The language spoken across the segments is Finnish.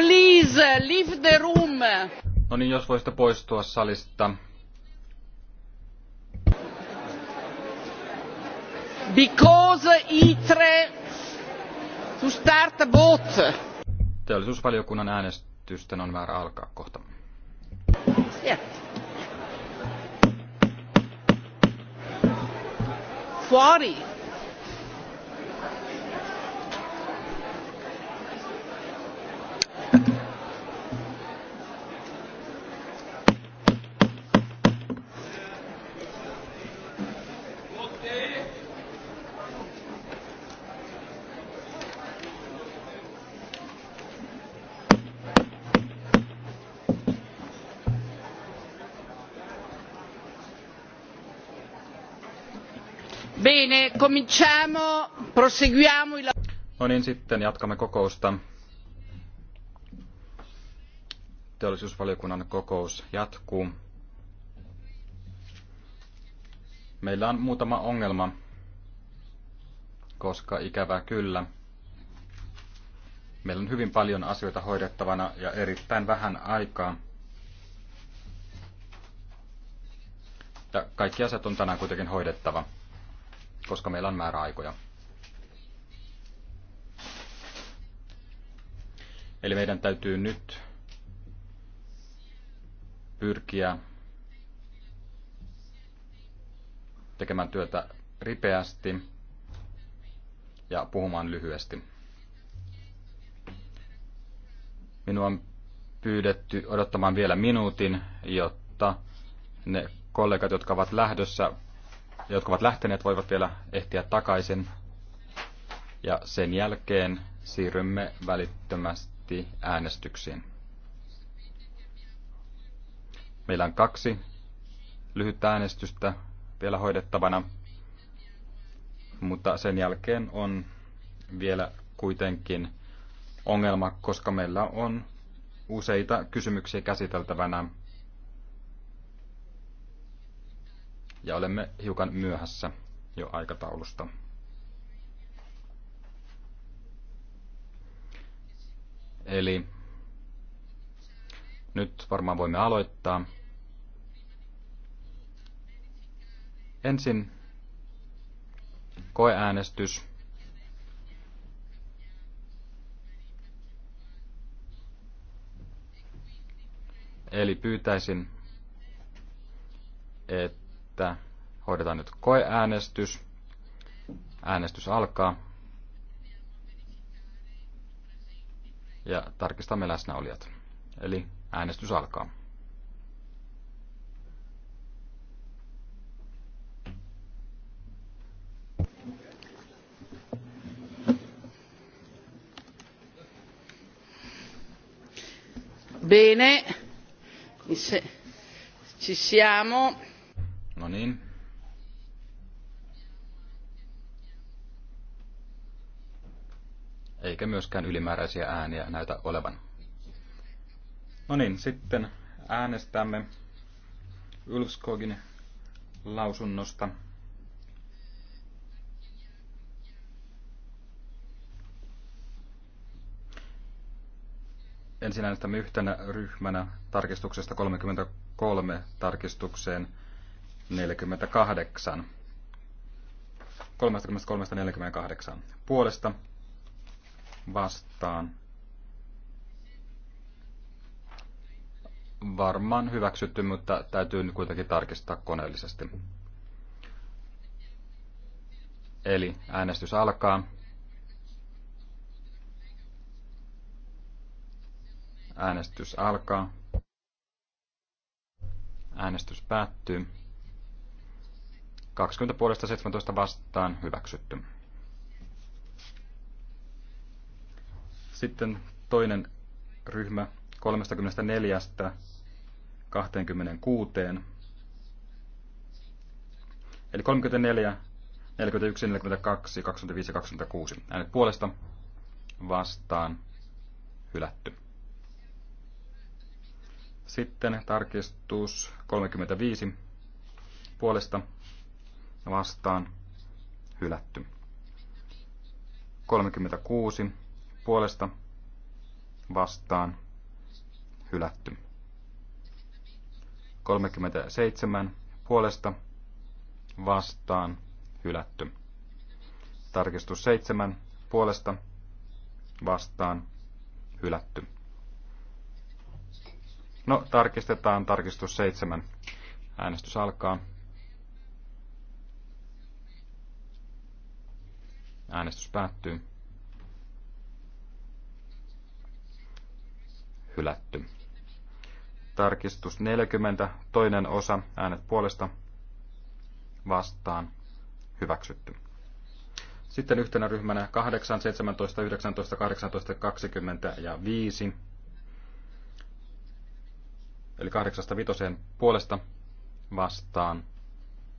Please uh, leave the room. No niin, jos voisitte poistua salista. Because itre to start vote. Teollisuusvaliokunnan äänestysten on väärä alkaa kohta. Yeah. Fuori. Bene, cominciamo, proseguiamo il... No niin, sitten jatkamme kokousta. Teollisuusvaliokunnan kokous jatkuu. Meillä on muutama ongelma, koska ikävää kyllä. Meillä on hyvin paljon asioita hoidettavana ja erittäin vähän aikaa. Ja kaikki asiat on tänään kuitenkin hoidettava koska meillä on määräaikoja. Eli meidän täytyy nyt pyrkiä tekemään työtä ripeästi ja puhumaan lyhyesti. Minua on pyydetty odottamaan vielä minuutin, jotta ne kollegat, jotka ovat lähdössä jotka ovat lähteneet, voivat vielä ehtiä takaisin. Ja sen jälkeen siirrymme välittömästi äänestyksiin. Meillä on kaksi lyhyttä äänestystä vielä hoidettavana, mutta sen jälkeen on vielä kuitenkin ongelma, koska meillä on useita kysymyksiä käsiteltävänä ja olemme hiukan myöhässä jo aikataulusta. Eli nyt varmaan voimme aloittaa. Ensin koeäänestys. Eli pyytäisin, että että hoidetaan nyt koeäänestys. Äänestys alkaa. Ja tarkistamme läsnäolijat. Eli äänestys alkaa. Bene, ci siamo. No niin. Eikä myöskään ylimääräisiä ääniä näytä olevan. No niin, sitten äänestämme Ulfskogin lausunnosta. Ensin äänestämme yhtenä ryhmänä tarkistuksesta 33 tarkistukseen 48. 33-48 puolesta vastaan. Varmaan hyväksytty, mutta täytyy nyt kuitenkin tarkistaa koneellisesti. Eli äänestys alkaa. Äänestys alkaa. Äänestys päättyy. 20 puolesta 17 vastaan hyväksytty. Sitten toinen ryhmä 34 26. Eli 34, 41, 42, 25 ja 26. Äänet puolesta vastaan hylätty. Sitten tarkistus 35 puolesta vastaan hylätty. 36 puolesta vastaan hylätty. 37 puolesta vastaan hylätty. Tarkistus 7 puolesta vastaan hylätty. No, tarkistetaan tarkistus 7. Äänestys alkaa. Äänestys päättyy. Hylätty. Tarkistus 40, toinen osa, äänet puolesta, vastaan, hyväksytty. Sitten yhtenä ryhmänä 8, 17, 19, 18, 20 ja 5. Eli 8 vitoseen puolesta vastaan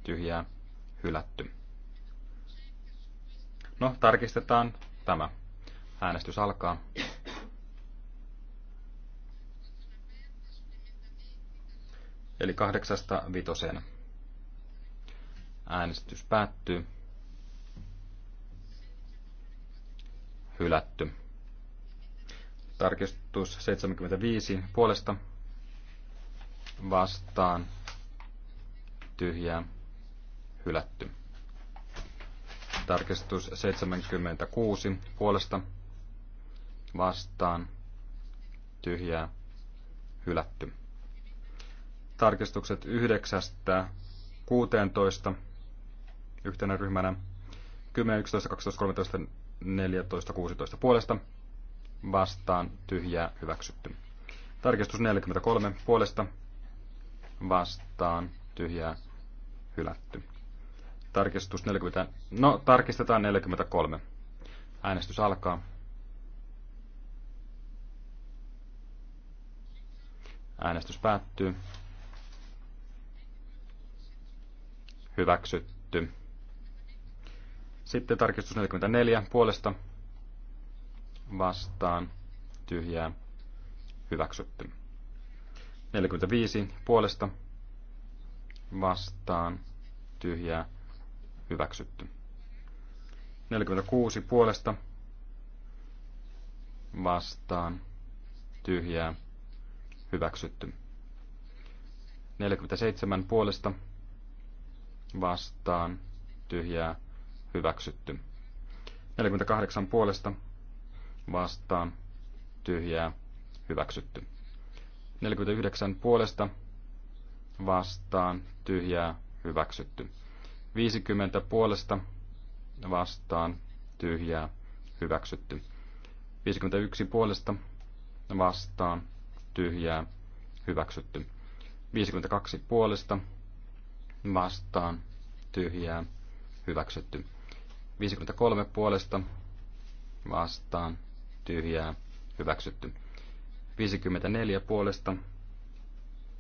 tyhjää hylätty. No, tarkistetaan tämä. Äänestys alkaa. Eli kahdeksasta vitoseen. Äänestys päättyy. Hylätty. Tarkistus 75 puolesta vastaan tyhjää hylätty. Tarkistus 76 puolesta vastaan tyhjää hylätty. Tarkistukset 9 16 yhtenä ryhmänä 10, 11, 12, 13, 14, 16 puolesta vastaan tyhjää hyväksytty. Tarkistus 43 puolesta vastaan tyhjää hylätty. Tarkistus 40. No, tarkistetaan 43. Äänestys alkaa. Äänestys päättyy. Hyväksytty. Sitten tarkistus 44 puolesta vastaan tyhjää hyväksytty. 45 puolesta vastaan tyhjää hyväksytty hyväksytty. 46 puolesta vastaan tyhjää hyväksytty. 47 puolesta vastaan tyhjää hyväksytty. 48 puolesta vastaan tyhjää hyväksytty. 49 puolesta vastaan tyhjää hyväksytty. 50 puolesta vastaan tyhjää hyväksytty. 51 puolesta vastaan tyhjää hyväksytty. 52 puolesta vastaan tyhjää hyväksytty. 53 puolesta vastaan tyhjää hyväksytty. 54 puolesta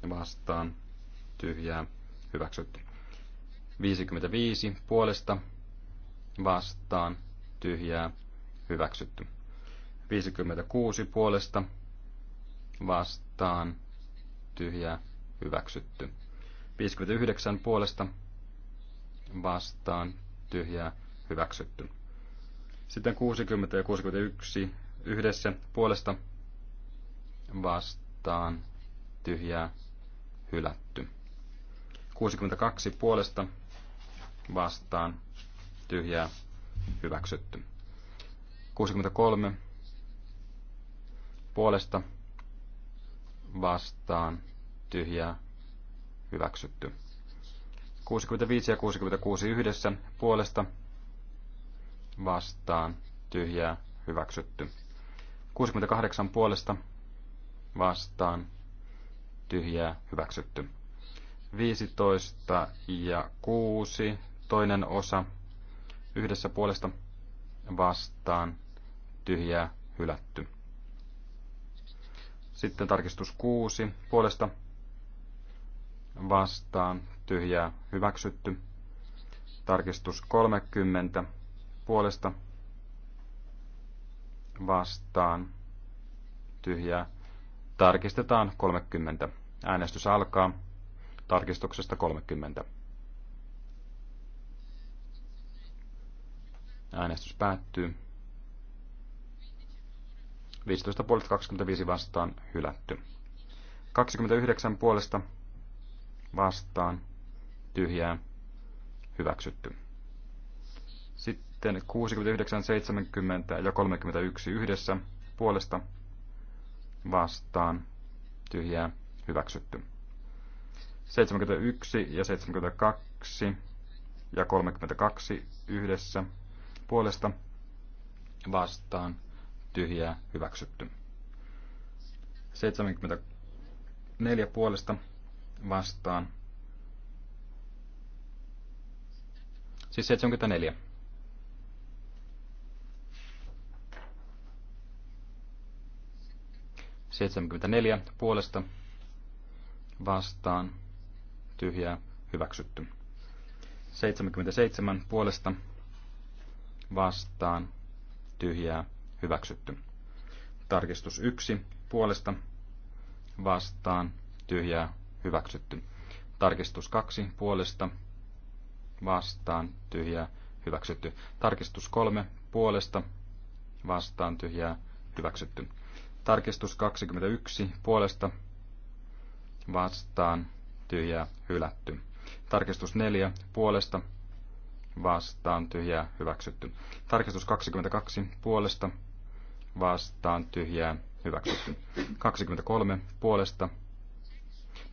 vastaan tyhjää hyväksytty. 55 puolesta vastaan tyhjää hyväksytty. 56 puolesta vastaan tyhjää hyväksytty. 59 puolesta vastaan tyhjää hyväksytty. Sitten 60 ja 61 yhdessä puolesta vastaan tyhjää hylätty. 62 puolesta vastaan tyhjää hyväksytty. 63 puolesta vastaan tyhjää hyväksytty. 65 ja 66 yhdessä puolesta vastaan tyhjää hyväksytty. 68 puolesta vastaan tyhjää hyväksytty. 15 ja 6 toinen osa yhdessä puolesta vastaan tyhjää hylätty. Sitten tarkistus 6 puolesta vastaan tyhjää hyväksytty. Tarkistus 30 puolesta vastaan tyhjää. Tarkistetaan 30. Äänestys alkaa tarkistuksesta 30. Äänestys päättyy. 15 puolesta 25 vastaan hylätty. 29 puolesta vastaan tyhjää hyväksytty. Sitten 69, 70 ja 31 yhdessä puolesta vastaan tyhjää hyväksytty. 71 ja 72 ja 32 yhdessä puolesta vastaan tyhjää hyväksytty. 74 puolesta vastaan. Siis 74. Seitsemänkymmentäneljä puolesta vastaan tyhjää hyväksytty. seitsemän puolesta vastaan, tyhjää, hyväksytty. Tarkistus 1 puolesta, vastaan, tyhjää, hyväksytty. Tarkistus 2 puolesta, vastaan, tyhjää, hyväksytty. Tarkistus 3 puolesta, vastaan, tyhjää, hyväksytty. Tarkistus 21 puolesta, vastaan, tyhjää, hylätty. Tarkistus 4 puolesta, vastaan tyhjää hyväksytty. Tarkistus 22 puolesta vastaan tyhjää hyväksytty. 23 puolesta.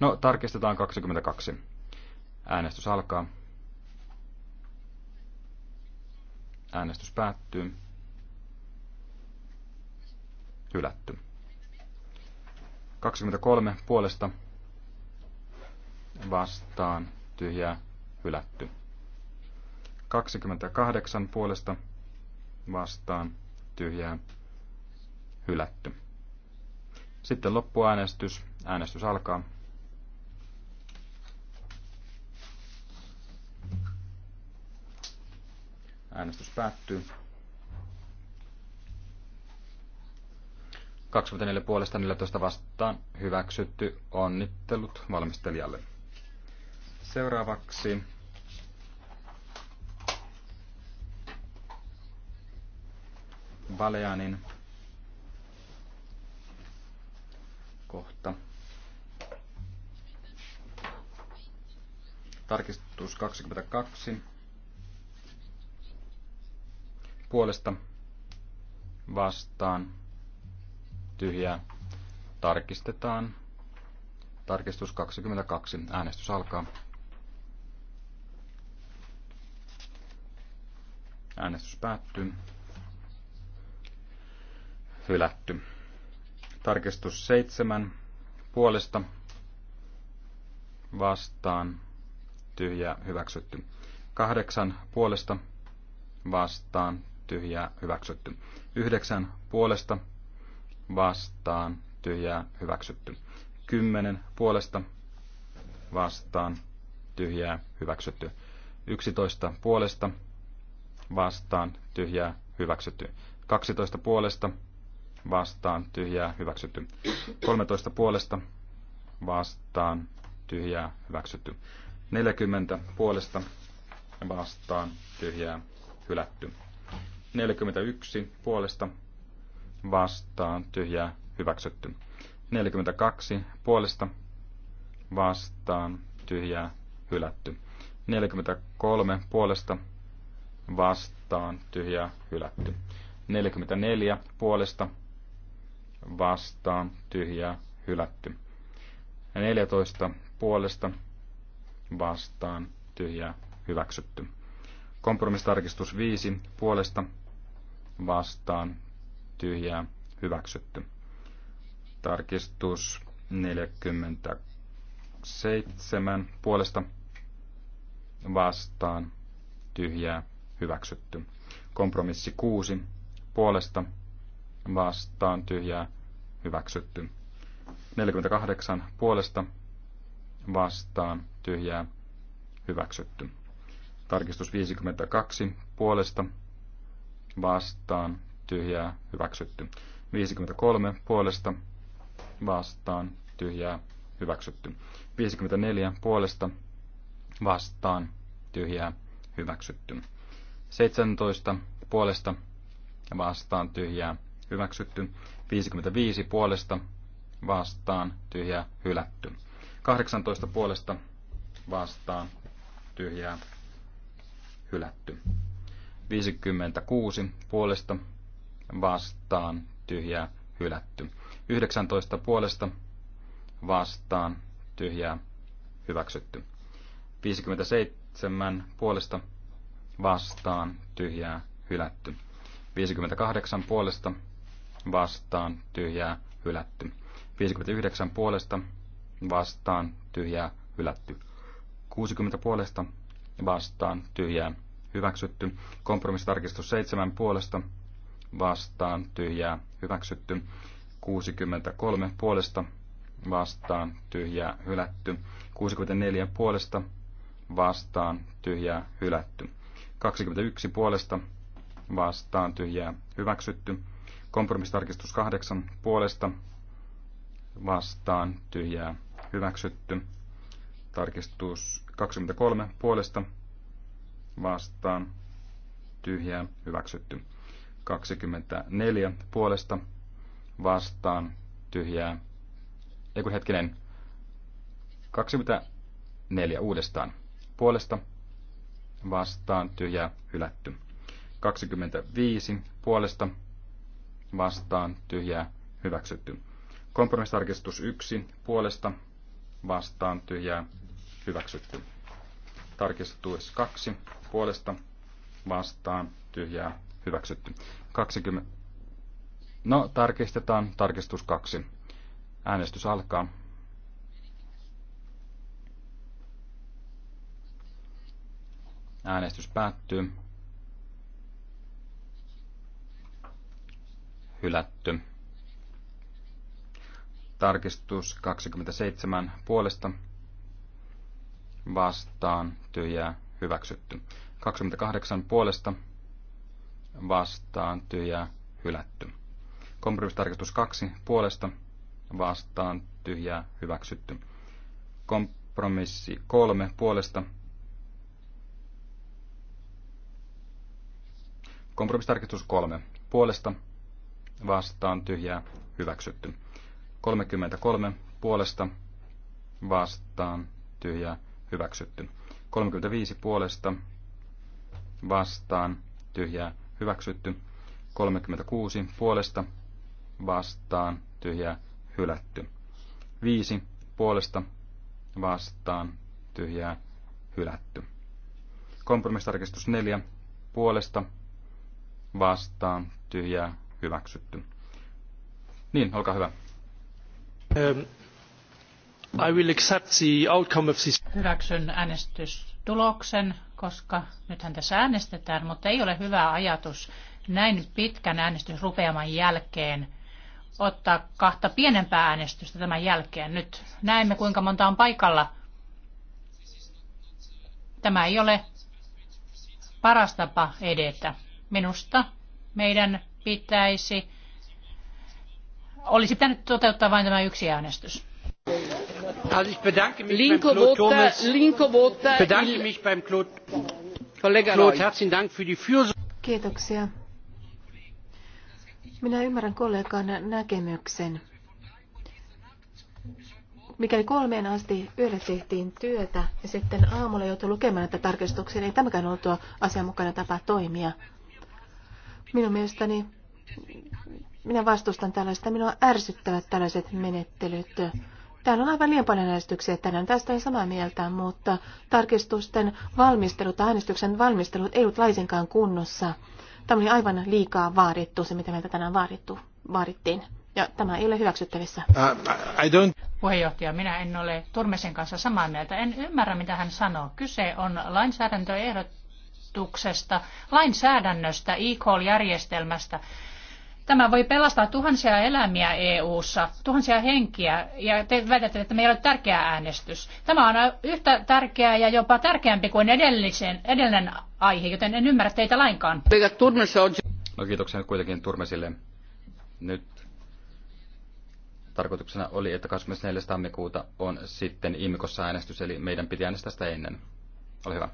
No, tarkistetaan 22. Äänestys alkaa. Äänestys päättyy. Hylätty. 23 puolesta vastaan tyhjää hylätty. 28 puolesta vastaan tyhjää hylätty. Sitten loppuäänestys. Äänestys alkaa. Äänestys päättyy. 24 puolesta 14 vastaan hyväksytty. Onnittelut valmistelijalle. Seuraavaksi Valeanin kohta. Tarkistus 22. Puolesta vastaan tyhjää tarkistetaan. Tarkistus 22. Äänestys alkaa. Äänestys päättyy hylätty. Tarkistus seitsemän puolesta vastaan tyhjä hyväksytty. kahdeksan puolesta vastaan tyhjä hyväksytty. yhdeksän puolesta vastaan tyhjä hyväksytty. kymmenen puolesta vastaan tyhjää hyväksytty. 11 puolesta vastaan tyhjää hyväksytty. 12 puolesta vastaan, vastaan tyhjää hyväksytty. 13 puolesta vastaan tyhjää hyväksytty. 40 puolesta vastaan tyhjää hylätty. 41 puolesta vastaan tyhjää hyväksytty. 42 puolesta vastaan tyhjää hylätty. 43 puolesta vastaan tyhjää hylätty. 44 puolesta vastaan, vastaan, tyhjää, hylätty. Ja 14 puolesta vastaan, tyhjää, hyväksytty. Kompromistarkistus 5 puolesta vastaan, tyhjää, hyväksytty. Tarkistus 47 puolesta vastaan, tyhjää, hyväksytty. Kompromissi 6 puolesta vastaan, tyhjää, hyväksytty. 48 puolesta vastaan tyhjää hyväksytty. Tarkistus 52 puolesta vastaan tyhjää hyväksytty. 53 puolesta vastaan tyhjää hyväksytty. 54 puolesta vastaan tyhjää hyväksytty. 17 puolesta vastaan tyhjää hyväksytty. 55 puolesta vastaan tyhjää hylätty. 18 puolesta vastaan tyhjää hylätty. 56 puolesta vastaan tyhjää hylätty. 19 puolesta vastaan tyhjää hyväksytty. 57 puolesta vastaan tyhjää hylätty. 58 puolesta vastaan, vastaan tyhjää hylätty. 59 puolesta vastaan tyhjää hylätty. 60 puolesta vastaan tyhjää hyväksytty. Kompromissitarkistus 7 puolesta vastaan tyhjää hyväksytty. 63 puolesta vastaan tyhjää hylätty. 64 puolesta vastaan tyhjää hylätty. 21 puolesta vastaan tyhjää hyväksytty. Kompromistarkistus kahdeksan puolesta vastaan tyhjää hyväksytty. Tarkistus 23 puolesta vastaan tyhjää hyväksytty. 24 puolesta vastaan tyhjää. Ei kun hetkinen. 24 uudestaan puolesta vastaan tyhjää hylätty. 25 puolesta vastaan tyhjää hyväksytty. Kompromissitarkistus 1 puolesta vastaan tyhjää hyväksytty. Tarkistus 2 puolesta vastaan tyhjää hyväksytty. 20. No, tarkistetaan tarkistus 2. Äänestys alkaa. Äänestys päättyy. hylätty. Tarkistus 27 puolesta vastaan tyhjää hyväksytty. 28 puolesta vastaan tyhjää hylätty. Kompromissitarkistus 2 puolesta vastaan tyhjää hyväksytty. Kompromissi 3 puolesta Kompromissitarkistus 3 puolesta vastaan tyhjää hyväksytty. 33 puolesta vastaan tyhjää hyväksytty. 35 puolesta vastaan tyhjää hyväksytty. 36 puolesta vastaan tyhjää hylätty. 5 puolesta vastaan tyhjää hylätty. Kompromistarkistus 4 puolesta vastaan tyhjää hyväksytty. Niin, olkaa hyvä. Um, I will accept the outcome of this. Hyväksyn äänestystuloksen, koska nythän tässä äänestetään, mutta ei ole hyvä ajatus näin pitkän äänestysrupeaman jälkeen ottaa kahta pienempää äänestystä tämän jälkeen. Nyt näemme, kuinka monta on paikalla. Tämä ei ole paras tapa edetä. Minusta meidän pitäisi, olisi pitänyt toteuttaa vain tämä yksi äänestys. Also ich bedanke mich Linko beim Claude Linko vota, bedanke il... mich beim Claude, Claude, herzlichen Dank für die Fürsorge. Kiitoksia. Minä ymmärrän kollegan näkemyksen. Mikäli kolmeen asti yöllä tehtiin työtä ja sitten aamulla joutui lukemaan näitä tarkistuksia, niin ei tämäkään ollut tuo asianmukainen tapa toimia. Minun mielestäni minä vastustan tällaista. Minua ärsyttävät tällaiset menettelyt. Täällä on aivan liian paljon äänestyksiä tänään. Tästä ei samaa mieltä, mutta tarkistusten valmistelut, äänestyksen valmistelut ei ollut laisinkaan kunnossa. Tämä oli aivan liikaa vaadittu, se mitä meiltä tänään vaadittu, vaadittiin. Ja tämä ei ole hyväksyttävissä. Uh, I don't... Puheenjohtaja, minä en ole Turmesen kanssa samaa mieltä. En ymmärrä, mitä hän sanoo. Kyse on lainsäädäntöehdotuksesta, lainsäädännöstä, e-call-järjestelmästä. Tämä voi pelastaa tuhansia elämiä EU-ssa, tuhansia henkiä, ja te väitätte, että meillä on tärkeä äänestys. Tämä on yhtä tärkeä ja jopa tärkeämpi kuin edellisen, edellinen aihe, joten en ymmärrä teitä lainkaan. No kiitoksia kuitenkin Turmesille. Nyt tarkoituksena oli, että 24. tammikuuta on sitten IMKossa äänestys, eli meidän piti äänestää sitä ennen. Ole hyvä.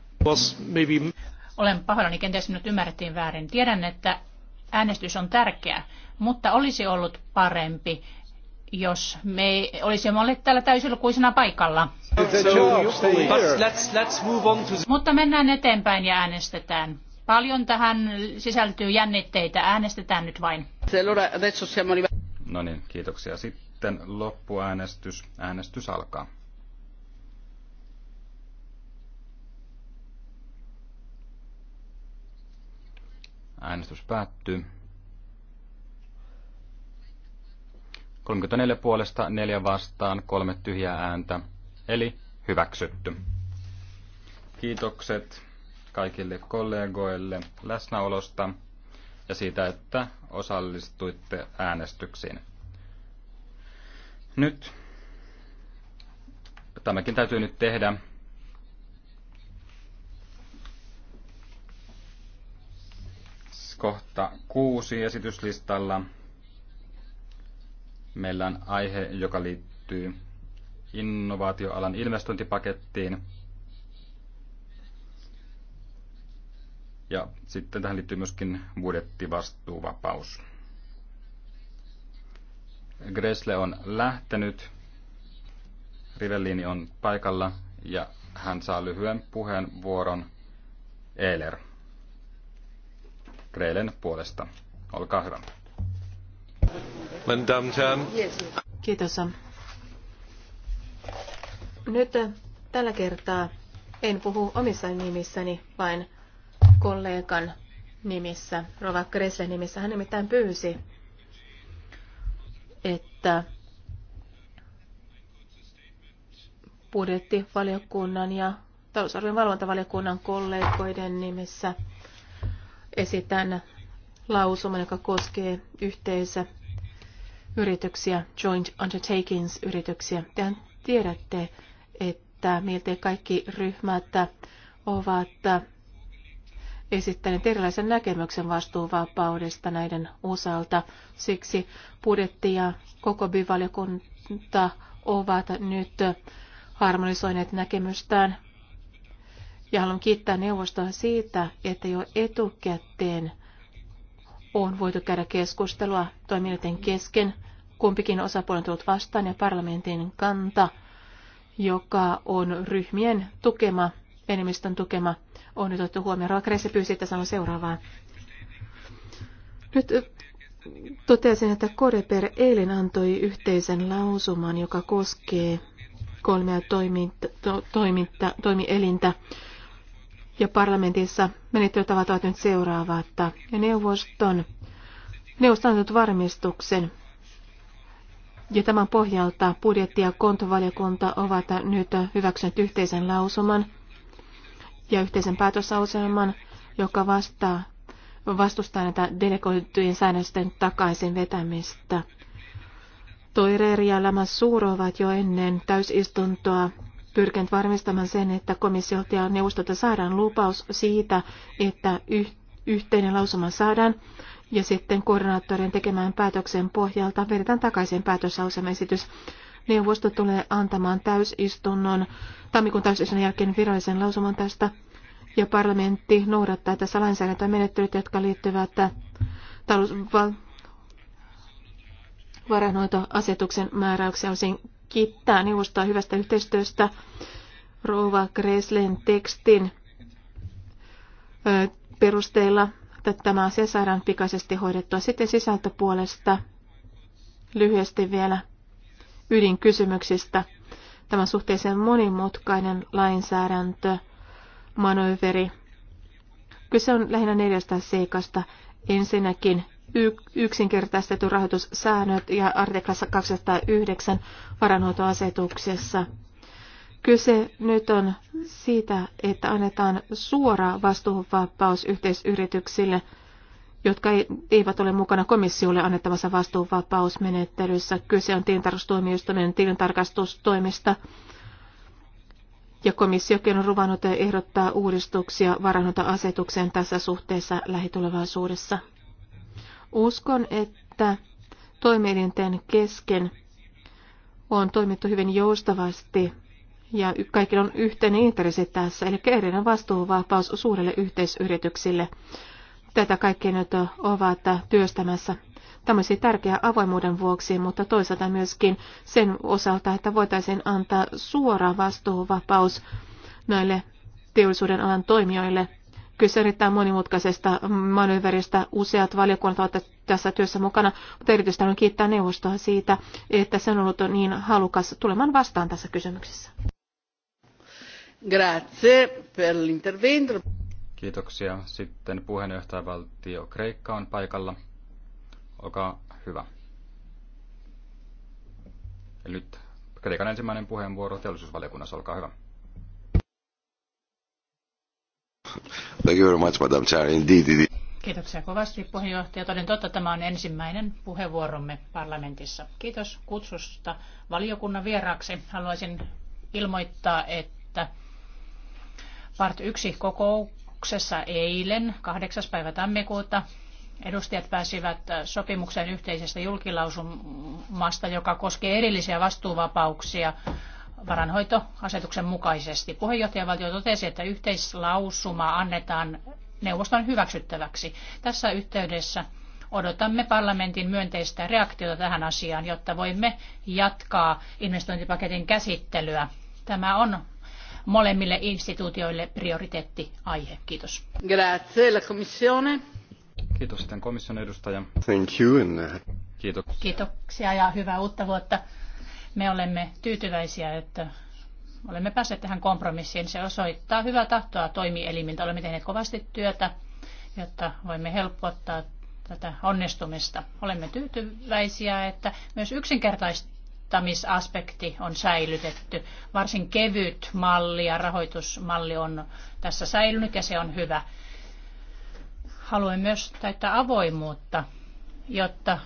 Olen pahoillani, kenties minut ymmärrettiin väärin. Tiedän, että äänestys on tärkeä, mutta olisi ollut parempi, jos me olisimme olleet täällä täysilukuisena paikalla. Mutta mennään eteenpäin ja äänestetään. Paljon tähän sisältyy jännitteitä. Äänestetään nyt vain. No niin, kiitoksia. Sitten loppuäänestys. Äänestys alkaa. Äänestys päättyy. 34 puolesta, 4 vastaan, 3 tyhjää ääntä, eli hyväksytty. Kiitokset kaikille kollegoille läsnäolosta ja siitä, että osallistuitte äänestyksiin. Nyt tämäkin täytyy nyt tehdä, kohta kuusi esityslistalla. Meillä on aihe, joka liittyy innovaatioalan investointipakettiin. Ja sitten tähän liittyy myöskin budjettivastuuvapaus. Gresle on lähtenyt. Rivellini on paikalla ja hän saa lyhyen puheenvuoron. Eiler. Kreelen puolesta. Olkaa hyvä. Kiitos. Nyt tällä kertaa en puhu omissa nimissäni, vaan kollegan nimissä, Rova Kreslen nimissä. Hän nimittäin pyysi, että budjettivaliokunnan ja talousarvion valvontavaliokunnan kollegoiden nimissä – esitän lausuman, joka koskee yhteensä yrityksiä, joint undertakings-yrityksiä. Te tiedätte, että miltei kaikki ryhmät ovat esittäneet erilaisen näkemyksen vastuuvapaudesta näiden osalta. Siksi budjetti ja koko byvaliokunta ovat nyt harmonisoineet näkemystään ja haluan kiittää neuvostoa siitä, että jo etukäteen on voitu käydä keskustelua toimijoiden kesken. Kumpikin osapuoli on tullut vastaan ja parlamentin kanta, joka on ryhmien tukema, enemmistön tukema, on nyt otettu huomioon. Roakreisi pyysi, että sanon seuraavaa. Nyt totesin, että Koreper eilen antoi yhteisen lausuman, joka koskee kolmea toiminta, to, toiminta, toimielintä ja parlamentissa menettelytavat ovat nyt seuraavaa, että neuvoston, neuvosto on varmistuksen. Ja tämän pohjalta budjetti- ja kontovaliokunta ovat nyt hyväksyneet yhteisen lausuman ja yhteisen päätösauselman, joka vastaa, vastustaa näitä delegoitujen säännösten takaisin vetämistä. Toireeri ja Lämä Suuro ovat jo ennen täysistuntoa pyrkinyt varmistamaan sen, että komissiolta ja neuvostolta saadaan lupaus siitä, että yh- yhteinen lausuma saadaan, ja sitten koordinaattorien tekemään päätöksen pohjalta vedetään takaisin päätöslauselmaesitys. Neuvosto tulee antamaan täysistunnon tammikuun täysistunnon jälkeen virallisen lausuman tästä, ja parlamentti noudattaa tässä lainsäädäntömenettelyt, jotka liittyvät talous- val- varainhoitoasetuksen määräyksiä osin kiittää neuvostoa hyvästä yhteistyöstä. Rova Greslen tekstin perusteella että tämä asia saadaan pikaisesti hoidettua. Sitten sisältöpuolesta lyhyesti vielä ydinkysymyksistä. Tämä suhteellisen monimutkainen lainsäädäntö, manöveri. Kyse on lähinnä neljästä seikasta. Ensinnäkin yksinkertaistetun rahoitussäännöt ja artiklassa 209 varanhoitoasetuksessa. Kyse nyt on siitä, että annetaan suora vastuuvapaus yhteisyrityksille, jotka eivät ole mukana komissiolle annettavassa vastuuvapausmenettelyssä. Kyse on tilintarkastustuomioistuimen tilintarkastustoimista ja komissiokin on ruvannut ehdottaa uudistuksia varanhoitoasetukseen tässä suhteessa lähitulevaisuudessa. Uskon, että toimielinten kesken on toimittu hyvin joustavasti ja kaikilla on yhteinen intressi tässä, eli erinen vastuuvapaus suurelle yhteisyrityksille. Tätä kaikki nyt ovat työstämässä. Tämä olisi tärkeää avoimuuden vuoksi, mutta toisaalta myöskin sen osalta, että voitaisiin antaa suora vastuuvapaus näille teollisuuden alan toimijoille Kyse erittäin monimutkaisesta manöveristä. Useat valiokunnat ovat tässä työssä mukana, mutta erityisesti haluan kiittää neuvostoa siitä, että se on ollut niin halukas tulemaan vastaan tässä kysymyksessä. Grazie per l'intervento. Kiitoksia. Sitten puheenjohtajavaltio Kreikka on paikalla. Olkaa hyvä. Eli nyt Kreikan ensimmäinen puheenvuoro teollisuusvaliokunnassa, olkaa hyvä. Thank you very much, Madam Chair. Indeed, indeed. Kiitoksia kovasti puheenjohtaja. Toden totta tämä on ensimmäinen puheenvuoromme parlamentissa. Kiitos kutsusta valiokunnan vieraaksi. Haluaisin ilmoittaa, että part 1 kokouksessa eilen 8. päivä tammikuuta edustajat pääsivät sopimukseen yhteisestä julkilausumasta, joka koskee erillisiä vastuuvapauksia varanhoitoasetuksen mukaisesti. Puheenjohtajavaltio totesi, että yhteislausuma annetaan neuvoston hyväksyttäväksi. Tässä yhteydessä odotamme parlamentin myönteistä reaktiota tähän asiaan, jotta voimme jatkaa investointipaketin käsittelyä. Tämä on molemmille instituutioille prioriteettiaihe. Kiitos. Grazie, la commissione. Kiitos sitten komission edustaja. Thank you. Uh, Kiitoksia. Kiitoksia ja hyvää uutta vuotta. Me olemme tyytyväisiä, että olemme päässeet tähän kompromissiin. Se osoittaa hyvää tahtoa toimielimiltä. Olemme tehneet kovasti työtä, jotta voimme helpottaa tätä onnistumista. Olemme tyytyväisiä, että myös yksinkertaistamisaspekti on säilytetty. Varsin kevyt malli ja rahoitusmalli on tässä säilynyt ja se on hyvä. Haluan myös täyttää avoimuutta, jotta,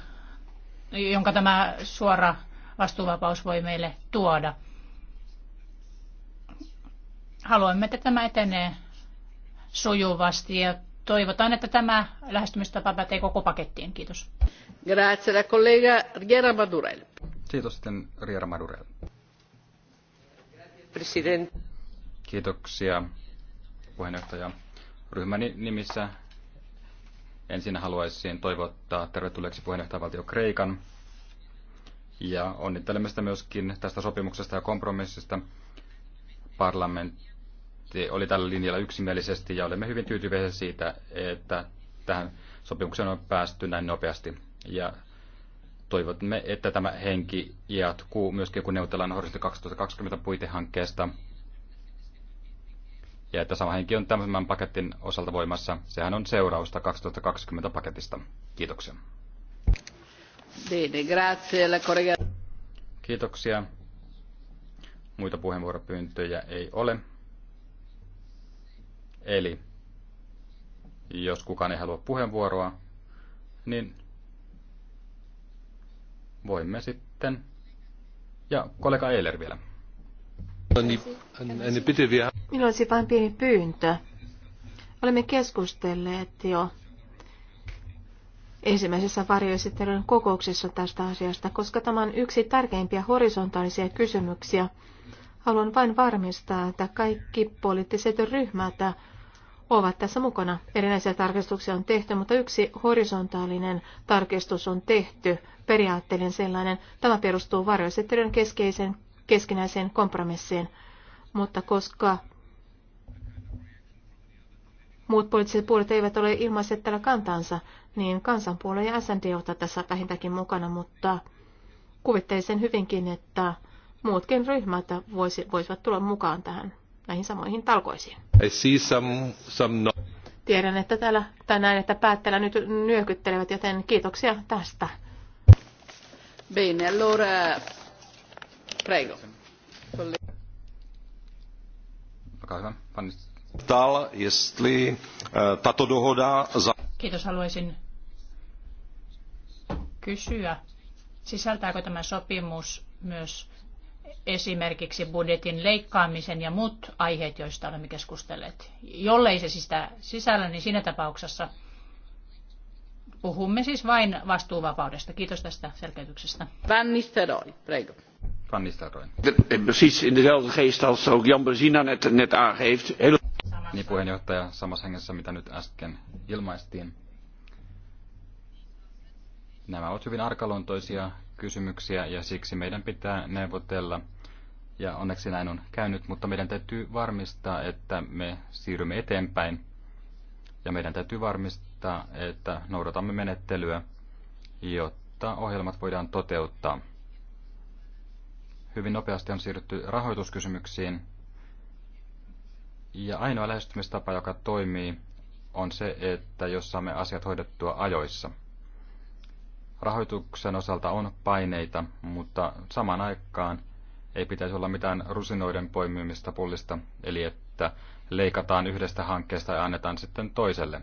jonka tämä suora vastuuvapaus voi meille tuoda. Haluamme, että tämä etenee sujuvasti ja toivotaan, että tämä lähestymistapa pätee koko pakettiin. Kiitos. Grazie, la collega Riera Madurel. Kiitos sitten Riera Madurel. Kiitoksia puheenjohtaja. Ryhmäni nimissä ensin haluaisin toivottaa tervetulleeksi puheenjohtajavaltio Kreikan ja onnittelemme sitä myöskin tästä sopimuksesta ja kompromissista. Parlamentti oli tällä linjalla yksimielisesti ja olemme hyvin tyytyväisiä siitä, että tähän sopimukseen on päästy näin nopeasti. Ja toivotamme, että tämä henki jatkuu myöskin kun neuvotellaan Horisontti 2020 puitehankkeesta. Ja että sama henki on tämän paketin osalta voimassa. Sehän on seurausta 2020 paketista. Kiitoksia. Kiitoksia. Muita puheenvuoropyyntöjä ei ole. Eli jos kukaan ei halua puheenvuoroa, niin voimme sitten. Ja kollega Eiler vielä. Minulla olisi vain pieni pyyntö. Olemme keskustelleet jo ensimmäisessä varjoesittelyn kokouksessa tästä asiasta, koska tämä on yksi tärkeimpiä horisontaalisia kysymyksiä. Haluan vain varmistaa, että kaikki poliittiset ryhmät ovat tässä mukana. Erinäisiä tarkistuksia on tehty, mutta yksi horisontaalinen tarkistus on tehty, periaatteellinen sellainen. Tämä perustuu varjoesittelyn keskeisen, keskinäiseen kompromissiin. Mutta koska muut poliittiset puolet eivät ole ilmaiset tällä kantansa, niin kansanpuolue ja SND ovat tässä vähintäänkin mukana, mutta kuvittelisin hyvinkin, että muutkin ryhmät voisi, voisivat tulla mukaan tähän näihin samoihin talkoisiin. I see some, some no- Tiedän, että täällä tänään, että päättäjällä nyt nyökyttelevät, joten kiitoksia tästä. Bene, allora, prego. Olkaa hyvä, ptal, jestli eh, tato dohoda... Kiitos, haluaisin kysyä, sisältääkö tämä sopimus myös esimerkiksi budjetin leikkaamisen ja muut aiheet, joista olemme keskustelleet. Jollei se siis sitä sisällä, niin siinä tapauksessa puhumme siis vain vastuuvapaudesta. Kiitos tästä selkeytyksestä. Van Nistelrooy, prego. Van Nistelrooy. Precies in dezelfde geest als ook Jan Brezina net, net aangeeft. Heel... Niin puheenjohtaja samassa hengessä, mitä nyt äsken ilmaistiin. Nämä ovat hyvin arkaluontoisia kysymyksiä ja siksi meidän pitää neuvotella. Ja onneksi näin on käynyt, mutta meidän täytyy varmistaa, että me siirrymme eteenpäin. Ja meidän täytyy varmistaa, että noudatamme menettelyä, jotta ohjelmat voidaan toteuttaa. Hyvin nopeasti on siirrytty rahoituskysymyksiin, ja ainoa lähestymistapa, joka toimii, on se, että jos saamme asiat hoidettua ajoissa. Rahoituksen osalta on paineita, mutta samaan aikaan ei pitäisi olla mitään rusinoiden poimimista pullista, eli että leikataan yhdestä hankkeesta ja annetaan sitten toiselle.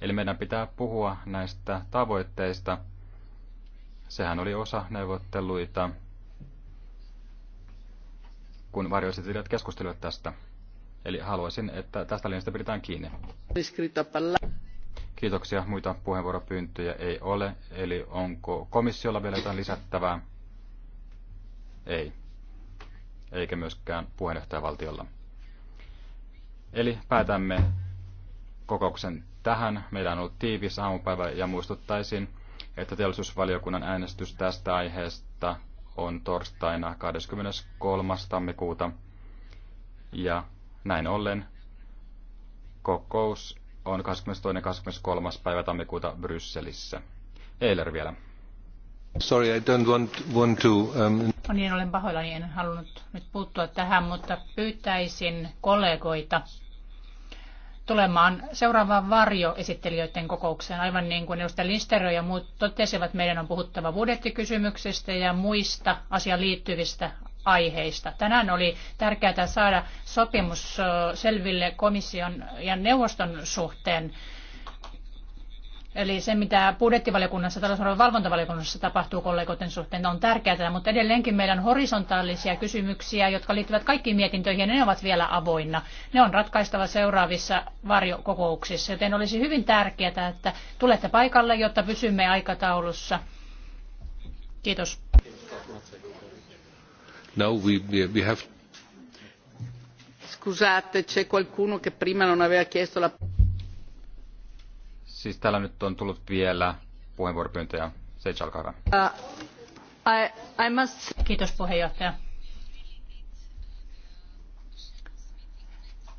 Eli meidän pitää puhua näistä tavoitteista. Sehän oli osa neuvotteluita, kun varjoesittelijät keskustelivat tästä. Eli haluaisin, että tästä linjasta pidetään kiinni. Kiitoksia. Muita puheenvuoropyyntöjä ei ole. Eli onko komissiolla vielä jotain lisättävää? Ei. Eikä myöskään puheenjohtajavaltiolla. Eli päätämme kokouksen tähän. Meillä on ollut tiivis aamupäivä ja muistuttaisin, että teollisuusvaliokunnan äänestys tästä aiheesta on torstaina 23. tammikuuta. Ja näin ollen kokous on 22.23. päivä tammikuuta Brysselissä. Eiler vielä. Sorry, I don't want, want to... Um... No niin, olen pahoillani, en halunnut nyt puuttua tähän, mutta pyytäisin kollegoita tulemaan seuraavaan varjoesittelijöiden kokoukseen. Aivan niin kuin edustaja Listerö ja muut totesivat, meidän on puhuttava budjettikysymyksestä ja muista asiaan liittyvistä aiheista. Tänään oli tärkeää saada sopimus selville komission ja neuvoston suhteen. Eli se, mitä budjettivaliokunnassa, talousarvon valvontavaliokunnassa tapahtuu kollegoiden suhteen, on tärkeää, mutta edelleenkin meillä on horisontaalisia kysymyksiä, jotka liittyvät kaikkiin mietintöihin, ja ne ovat vielä avoinna. Ne on ratkaistava seuraavissa varjokokouksissa, joten olisi hyvin tärkeää, että tulette paikalle, jotta pysymme aikataulussa. Kiitos. No, Scusate, c'è qualcuno che prima non aveva chiesto la... Siis täällä nyt on tullut vielä puheenvuoropyyntöjä. Seitsi, olkaa hyvä. Uh, I, I must... Kiitos puheenjohtaja.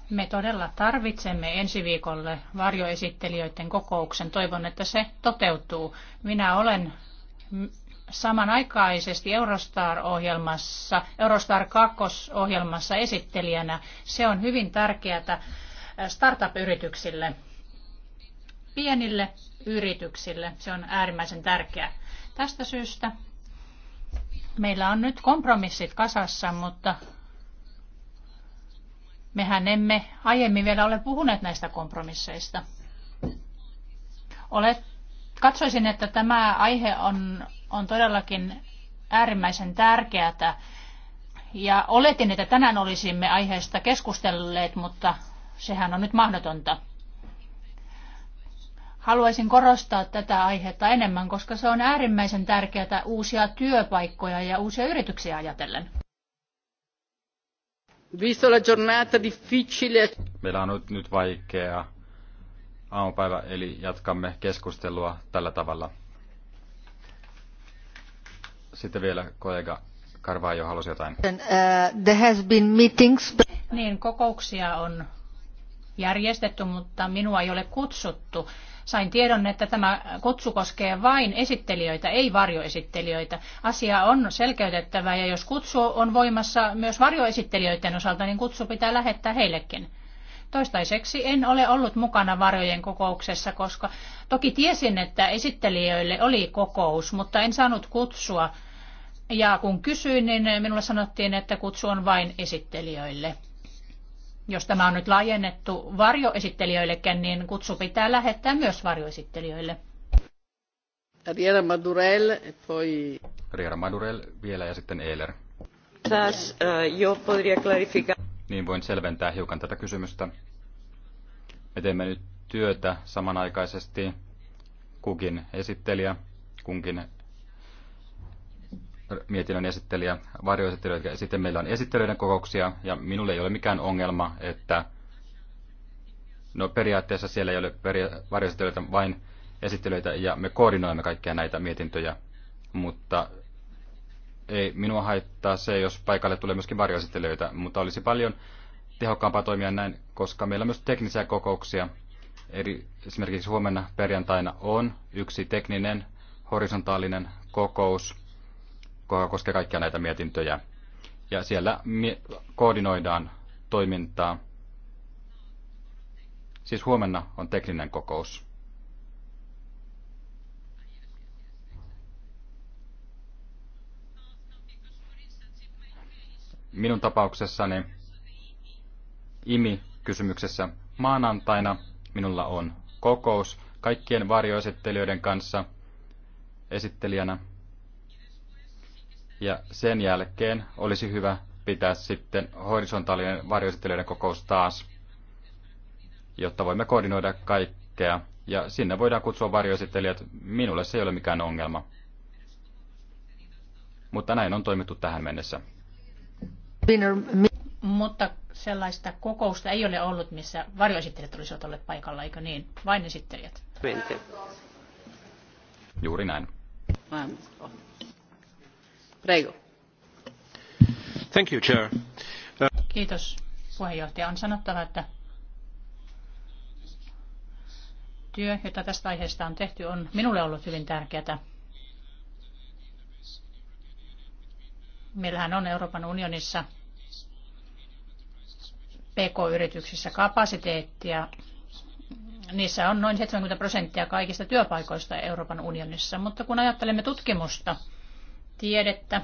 Me todella tarvitsemme ensi viikolle varjoesittelijöiden kokouksen. Toivon, että se toteutuu. Minä olen samanaikaisesti Eurostar-ohjelmassa, Eurostar 2-ohjelmassa esittelijänä. Se on hyvin tärkeää eh, startup-yrityksille, pienille yrityksille. Se on äärimmäisen tärkeää. Tästä syystä meillä on nyt kompromissit kasassa, mutta mehän emme aiemmin vielä ole puhuneet näistä kompromisseista. Olet Katsoisin, että tämä aihe on, on todellakin äärimmäisen tärkeää. Ja oletin, että tänään olisimme aiheesta keskustelleet, mutta sehän on nyt mahdotonta. Haluaisin korostaa tätä aihetta enemmän, koska se on äärimmäisen tärkeää uusia työpaikkoja ja uusia yrityksiä ajatellen. Visto la giornata difficile. Meillä on nyt, nyt vaikea aamupäivä, eli jatkamme keskustelua tällä tavalla. Sitten vielä kollega Carvalho halusi jotain. Uh, there has been meetings. Niin, kokouksia on järjestetty, mutta minua ei ole kutsuttu. Sain tiedon, että tämä kutsu koskee vain esittelijöitä, ei varjoesittelijöitä. Asia on selkeytettävä ja jos kutsu on voimassa myös varjoesittelijöiden osalta, niin kutsu pitää lähettää heillekin. Toistaiseksi en ole ollut mukana varjojen kokouksessa, koska toki tiesin, että esittelijöille oli kokous, mutta en saanut kutsua. Ja kun kysyin, niin minulle sanottiin, että kutsu on vain esittelijöille. Jos tämä on nyt laajennettu varjoesittelijöillekin, niin kutsu pitää lähettää myös varjoesittelijöille. Riera Madurell, e poi... Riera Madurell vielä ja sitten Eiler. Quizás jo podría clarificar niin voin selventää hiukan tätä kysymystä. Me teemme nyt työtä samanaikaisesti kukin esittelijä, kunkin mietinnön esittelijä, varjoesittelijöitä. Ja sitten meillä on esittelijöiden kokouksia, ja minulle ei ole mikään ongelma, että no periaatteessa siellä ei ole peria- varjoesittelijöitä, vain esittelyitä, ja me koordinoimme kaikkia näitä mietintöjä, mutta ei minua haittaa se, jos paikalle tulee myöskin varjoesittelijöitä, mutta olisi paljon tehokkaampaa toimia näin, koska meillä on myös teknisiä kokouksia. Eri, esimerkiksi huomenna perjantaina on yksi tekninen horisontaalinen kokous, joka koskee kaikkia näitä mietintöjä. Ja siellä koordinoidaan toimintaa. Siis huomenna on tekninen kokous. minun tapauksessani IMI-kysymyksessä maanantaina minulla on kokous kaikkien varjoesittelijöiden kanssa esittelijänä. Ja sen jälkeen olisi hyvä pitää sitten horisontaalinen varjoesittelijöiden kokous taas, jotta voimme koordinoida kaikkea. Ja sinne voidaan kutsua varjoesittelijät. Minulle se ei ole mikään ongelma. Mutta näin on toimittu tähän mennessä. Mutta sellaista kokousta ei ole ollut, missä varjoesittelijät olisivat olleet paikalla, eikö niin? Vain esittelijät. Juuri näin. Thank you, Chair. Kiitos puheenjohtaja. On sanottava, että työ, jota tästä aiheesta on tehty, on minulle ollut hyvin tärkeää Meillähän on Euroopan unionissa PK-yrityksissä kapasiteettia. Niissä on noin 70 prosenttia kaikista työpaikoista Euroopan unionissa, mutta kun ajattelemme tutkimusta, tiedettä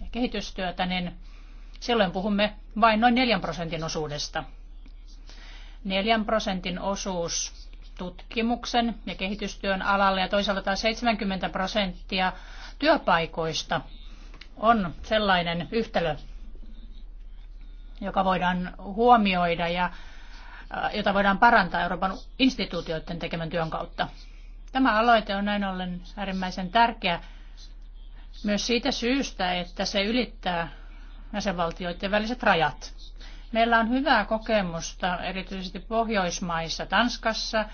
ja kehitystyötä, niin silloin puhumme vain noin 4 prosentin osuudesta. 4 prosentin osuus tutkimuksen ja kehitystyön alalla ja toisaalta taas 70 prosenttia työpaikoista on sellainen yhtälö, joka voidaan huomioida ja äh, jota voidaan parantaa Euroopan instituutioiden tekemän työn kautta. Tämä aloite on näin ollen äärimmäisen tärkeä myös siitä syystä, että se ylittää jäsenvaltioiden väliset rajat. Meillä on hyvää kokemusta erityisesti Pohjoismaissa, Tanskassa.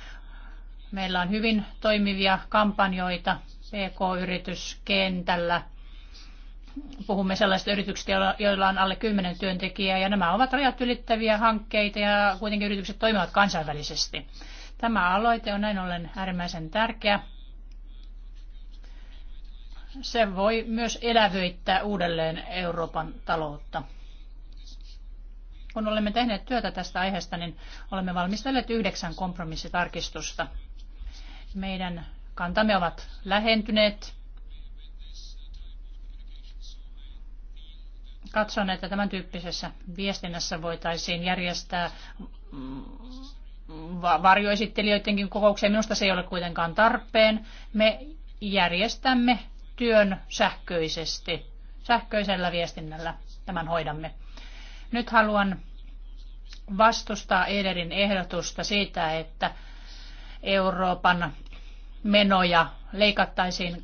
Meillä on hyvin toimivia kampanjoita PK-yrityskentällä – puhumme sellaisista yrityksistä, joilla on alle 10 työntekijää, ja nämä ovat rajat ylittäviä hankkeita, ja kuitenkin yritykset toimivat kansainvälisesti. Tämä aloite on näin ollen äärimmäisen tärkeä. Se voi myös elävöittää uudelleen Euroopan taloutta. Kun olemme tehneet työtä tästä aiheesta, niin olemme valmistelleet yhdeksän kompromissitarkistusta. Meidän kantamme ovat lähentyneet katson, että tämän tyyppisessä viestinnässä voitaisiin järjestää varjoesittelijöidenkin kokoukseen. Minusta se ei ole kuitenkaan tarpeen. Me järjestämme työn sähköisesti, sähköisellä viestinnällä tämän hoidamme. Nyt haluan vastustaa Ederin ehdotusta siitä, että Euroopan menoja leikattaisiin 12,5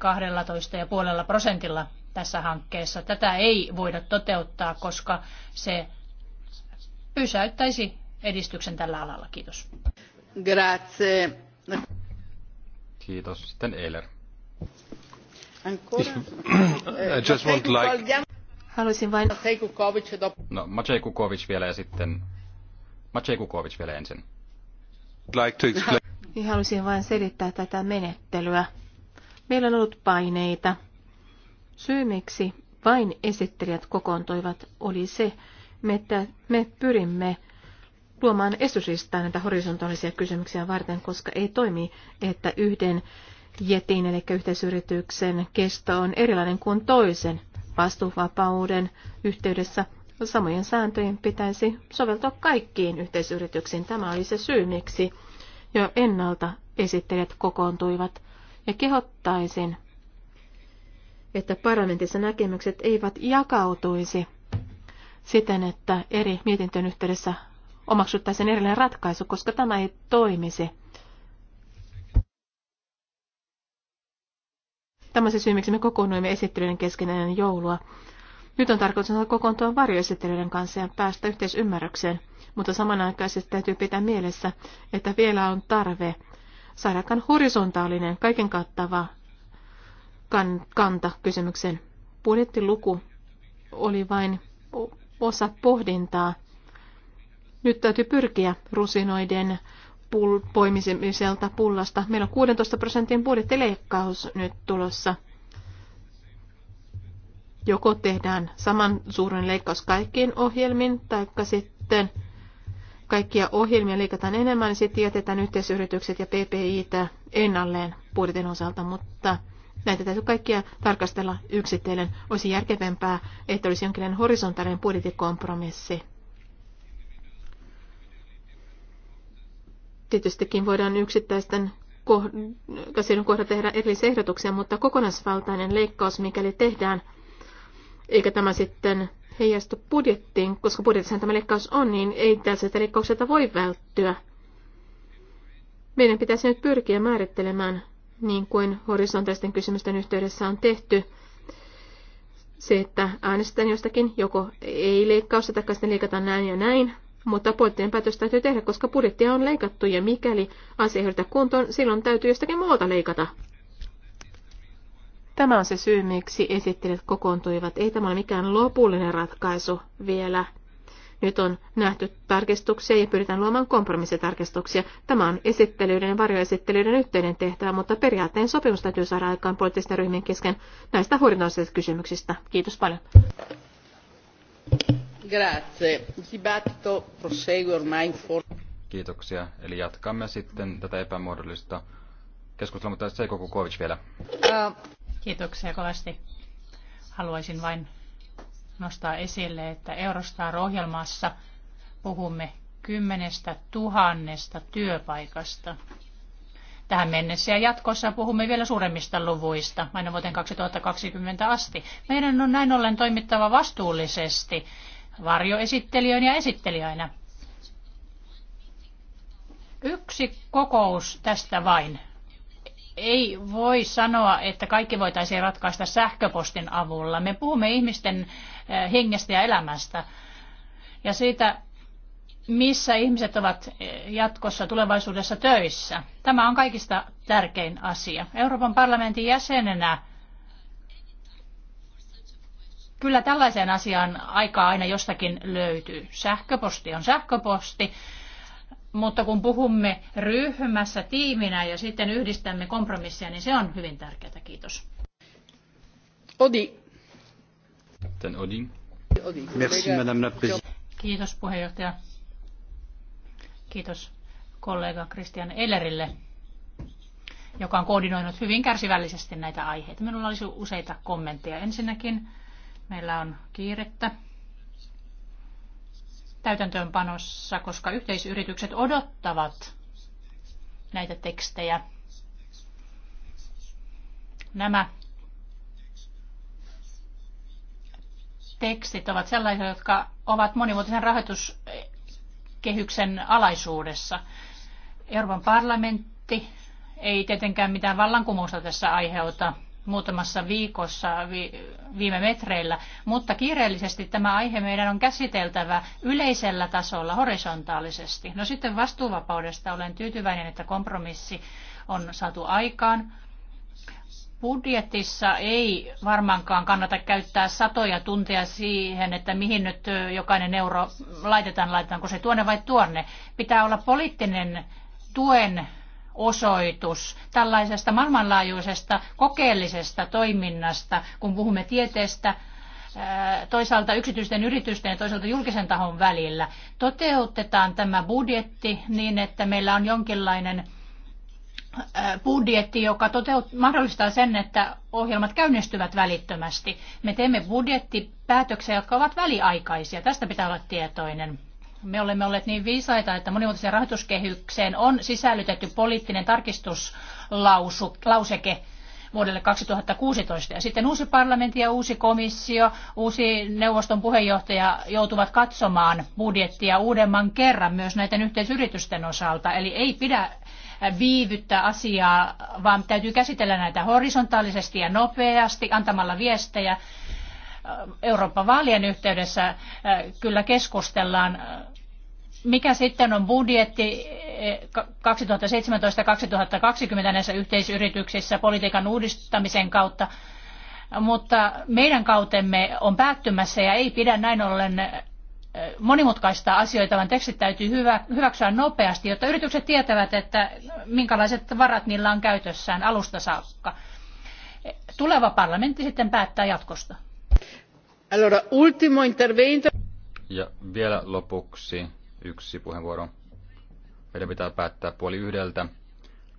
prosentilla tässä hankkeessa. Tätä ei voida toteuttaa, koska se pysäyttäisi edistyksen tällä alalla. Kiitos. Grazie. Kiitos. Sitten Eiler. I just want like... Haluaisin vain... No, Maciej Kukovic vielä ja sitten... Maciej Kukovic vielä ensin. Like to explain... Niin haluaisin vain selittää tätä menettelyä. Meillä on ollut paineita Syy, miksi vain esittelijät kokoontuivat, oli se, että me pyrimme luomaan esityslistaa näitä horisontaalisia kysymyksiä varten, koska ei toimi, että yhden jetin, eli yhteisyrityksen kesto on erilainen kuin toisen vastuuvapauden yhteydessä. Samojen sääntöjen pitäisi soveltaa kaikkiin yhteisyrityksiin. Tämä oli se syy, miksi jo ennalta esittelijät kokoontuivat. Ja kehottaisin että parlamentissa näkemykset eivät jakautuisi siten, että eri mietintöjen yhteydessä omaksuttaisiin erilainen ratkaisu, koska tämä ei toimisi. Tämä on se syy, miksi me kokoonnuimme esittelyiden kesken ennen joulua. Nyt on tarkoitus kokoontua varjoesittelyiden kanssa ja päästä yhteisymmärrykseen, mutta samanaikaisesti täytyy pitää mielessä, että vielä on tarve saada horisontaalinen, kaiken kattava kan, kanta kysymykseen. Budjettiluku oli vain osa pohdintaa. Nyt täytyy pyrkiä rusinoiden pul- poimimiselta pullasta. Meillä on 16 prosentin budjettileikkaus nyt tulossa. Joko tehdään saman suuren leikkaus kaikkiin ohjelmiin, tai sitten kaikkia ohjelmia leikataan enemmän, niin sitten jätetään yhteisyritykset ja PPItä ennalleen budjetin osalta, mutta Näitä täytyy kaikkia tarkastella yksitellen. Olisi järkevämpää, että olisi jonkinlainen horisontaalinen budjettikompromissi. Tietystikin voidaan yksittäisten kasvien kohdalla tehdä erillisehdotuksia, mutta kokonaisvaltainen leikkaus, mikäli tehdään, eikä tämä sitten heijastu budjettiin, koska budjetissa tämä leikkaus on, niin ei tällaiselta leikkaukselta voi välttyä. Meidän pitäisi nyt pyrkiä määrittelemään niin kuin horisontaisten kysymysten yhteydessä on tehty, se, että äänestetään jostakin, joko ei leikkausta tai sitten leikataan näin ja näin, mutta poliittinen päätös täytyy tehdä, koska budjettia on leikattu ja mikäli asia hyödytä kuntoon, silloin täytyy jostakin muualta leikata. Tämä on se syy, miksi esittelijät kokoontuivat. Ei tämä ole mikään lopullinen ratkaisu vielä. Nyt on nähty tarkistuksia ja pyritään luomaan kompromissitarkistuksia. Tämä on esittelyiden ja varjoesittelyiden yhteinen tehtävä, mutta periaatteen sopimus täytyy saada aikaan poliittisten ryhmien kesken näistä horisontalisista kysymyksistä. Kiitos paljon. Grazie. Kiitoksia. Eli jatkamme sitten tätä epämuodollista keskustelua, mutta Seiko Kukovic vielä. Kiitoksia kovasti. Haluaisin vain nostaa esille, että Eurostar-ohjelmassa puhumme kymmenestä tuhannesta työpaikasta. Tähän mennessä ja jatkossa puhumme vielä suuremmista luvuista, aina vuoteen 2020 asti. Meidän on näin ollen toimittava vastuullisesti varjoesittelijöinä ja esittelijöinä. Yksi kokous tästä vain ei voi sanoa, että kaikki voitaisiin ratkaista sähköpostin avulla. Me puhumme ihmisten eh, hengestä ja elämästä ja siitä, missä ihmiset ovat eh, jatkossa tulevaisuudessa töissä. Tämä on kaikista tärkein asia. Euroopan parlamentin jäsenenä kyllä tällaiseen asiaan aikaa aina jostakin löytyy. Sähköposti on sähköposti mutta kun puhumme ryhmässä, tiiminä ja sitten yhdistämme kompromissia, niin se on hyvin tärkeää. Kiitos. Odi. Sitten Odi. Merci, Madame la Présidente. Kiitos puheenjohtaja. Kiitos kollega Christian Ellerille, joka on koordinoinut hyvin kärsivällisesti näitä aiheita. Minulla olisi useita kommentteja. Ensinnäkin meillä on kiirettä täytäntöönpanossa, koska yhteisyritykset odottavat näitä tekstejä. Nämä tekstit ovat sellaisia, jotka ovat monivuotisen rahoituskehyksen alaisuudessa. Euroopan parlamentti ei tietenkään mitään vallankumousta tässä aiheuta muutamassa viikossa viime metreillä, mutta kiireellisesti tämä aihe meidän on käsiteltävä yleisellä tasolla horisontaalisesti. No sitten vastuuvapaudesta olen tyytyväinen, että kompromissi on saatu aikaan. Budjetissa ei varmaankaan kannata käyttää satoja tunteja siihen, että mihin nyt jokainen euro laitetaan, laitetaanko se tuonne vai tuonne. Pitää olla poliittinen tuen osoitus tällaisesta maailmanlaajuisesta kokeellisesta toiminnasta, kun puhumme tieteestä toisaalta yksityisten yritysten ja toisaalta julkisen tahon välillä. Toteutetaan tämä budjetti niin, että meillä on jonkinlainen budjetti, joka toteut- mahdollistaa sen, että ohjelmat käynnistyvät välittömästi. Me teemme budjettipäätöksiä, jotka ovat väliaikaisia. Tästä pitää olla tietoinen me olemme olleet niin viisaita, että monimuotoiseen rahoituskehykseen on sisällytetty poliittinen tarkistuslauseke vuodelle 2016. Ja sitten uusi parlamentti ja uusi komissio, uusi neuvoston puheenjohtaja joutuvat katsomaan budjettia uudemman kerran myös näiden yhteisyritysten osalta. Eli ei pidä viivyttää asiaa, vaan täytyy käsitellä näitä horisontaalisesti ja nopeasti antamalla viestejä Euroopan vaalien yhteydessä kyllä keskustellaan. Mikä sitten on budjetti 2017-2020 e, näissä yhteisyrityksissä politiikan uudistamisen kautta? Mutta meidän kautemme on päättymässä ja ei pidä näin ollen monimutkaistaa asioita, vaan tekstit täytyy hyväksyä nopeasti, jotta yritykset tietävät, että minkälaiset varat niillä on käytössään alusta saakka. Tuleva parlamentti sitten päättää jatkosta. Ja vielä lopuksi yksi puheenvuoro. Meidän pitää päättää puoli yhdeltä,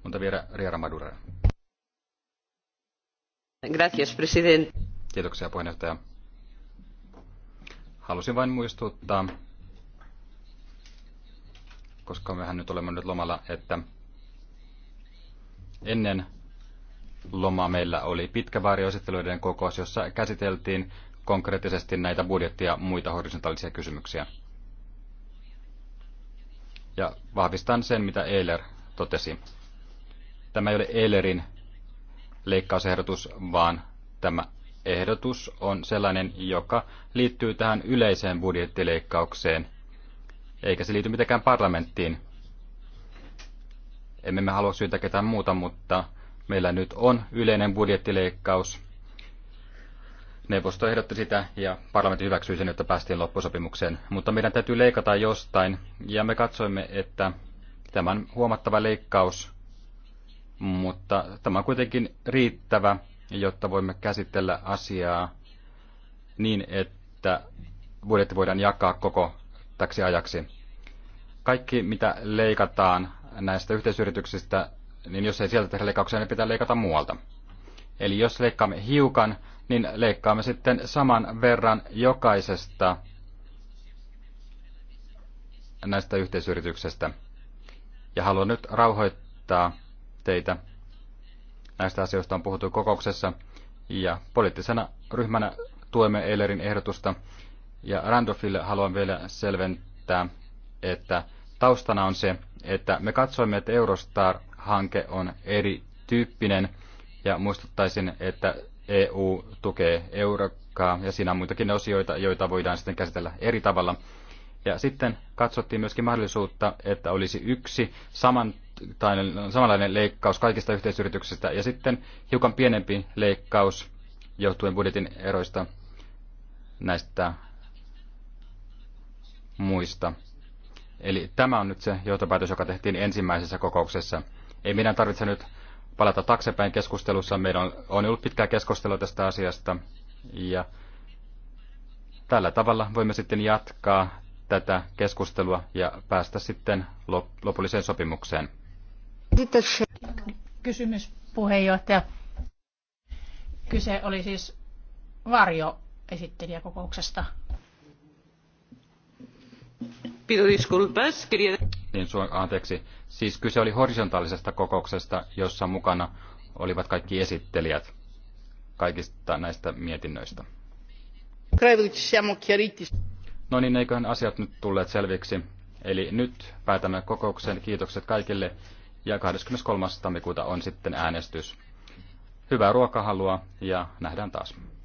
mutta vielä Riera Madura. Gracias, president. Kiitoksia puheenjohtaja. Halusin vain muistuttaa, koska mehän nyt olemme nyt lomalla, että ennen loma meillä oli pitkä varjoesittelyiden kokous, jossa käsiteltiin konkreettisesti näitä budjettia ja muita horisontaalisia kysymyksiä. Ja vahvistan sen, mitä Eiler totesi. Tämä ei ole Eilerin leikkausehdotus, vaan tämä ehdotus on sellainen, joka liittyy tähän yleiseen budjettileikkaukseen, eikä se liity mitenkään parlamenttiin. Emme me halua syytä ketään muuta, mutta Meillä nyt on yleinen budjettileikkaus. Neuvosto ehdotti sitä ja parlamentti hyväksyi sen, jotta päästiin loppusopimukseen. Mutta meidän täytyy leikata jostain ja me katsoimme, että tämä on huomattava leikkaus, mutta tämä on kuitenkin riittävä, jotta voimme käsitellä asiaa niin, että budjetti voidaan jakaa koko täksi ajaksi. Kaikki, mitä leikataan näistä yhteisyrityksistä, niin jos ei sieltä tehdä leikkauksia, niin pitää leikata muualta. Eli jos leikkaamme hiukan, niin leikkaamme sitten saman verran jokaisesta näistä yhteisyrityksestä. Ja haluan nyt rauhoittaa teitä. Näistä asioista on puhuttu kokouksessa ja poliittisena ryhmänä tuemme Eilerin ehdotusta. Ja Randolphille haluan vielä selventää, että taustana on se, että me katsoimme, että Eurostar – hanke on erityyppinen ja muistuttaisin, että EU tukee Eurokaa ja siinä on muitakin osioita, joita voidaan sitten käsitellä eri tavalla. Ja sitten katsottiin myöskin mahdollisuutta, että olisi yksi saman tai samanlainen leikkaus kaikista yhteisyrityksistä ja sitten hiukan pienempi leikkaus johtuen budjetin eroista näistä muista. Eli tämä on nyt se johtopäätös, joka tehtiin ensimmäisessä kokouksessa. Ei meidän tarvitse nyt palata taksepäin keskustelussa. Meillä on, on ollut pitkää keskustelua tästä asiasta ja tällä tavalla voimme sitten jatkaa tätä keskustelua ja päästä sitten lopulliseen sopimukseen. Kysymys puheenjohtaja. Kyse oli siis varjoesittelijäkokouksesta. Pido disculpas, quería niin su- anteeksi, siis kyse oli horisontaalisesta kokouksesta, jossa mukana olivat kaikki esittelijät kaikista näistä mietinnöistä. No niin, eiköhän asiat nyt tulleet selviksi. Eli nyt päätämme kokouksen. Kiitokset kaikille. Ja 23. tammikuuta on sitten äänestys. Hyvää ruokahalua ja nähdään taas.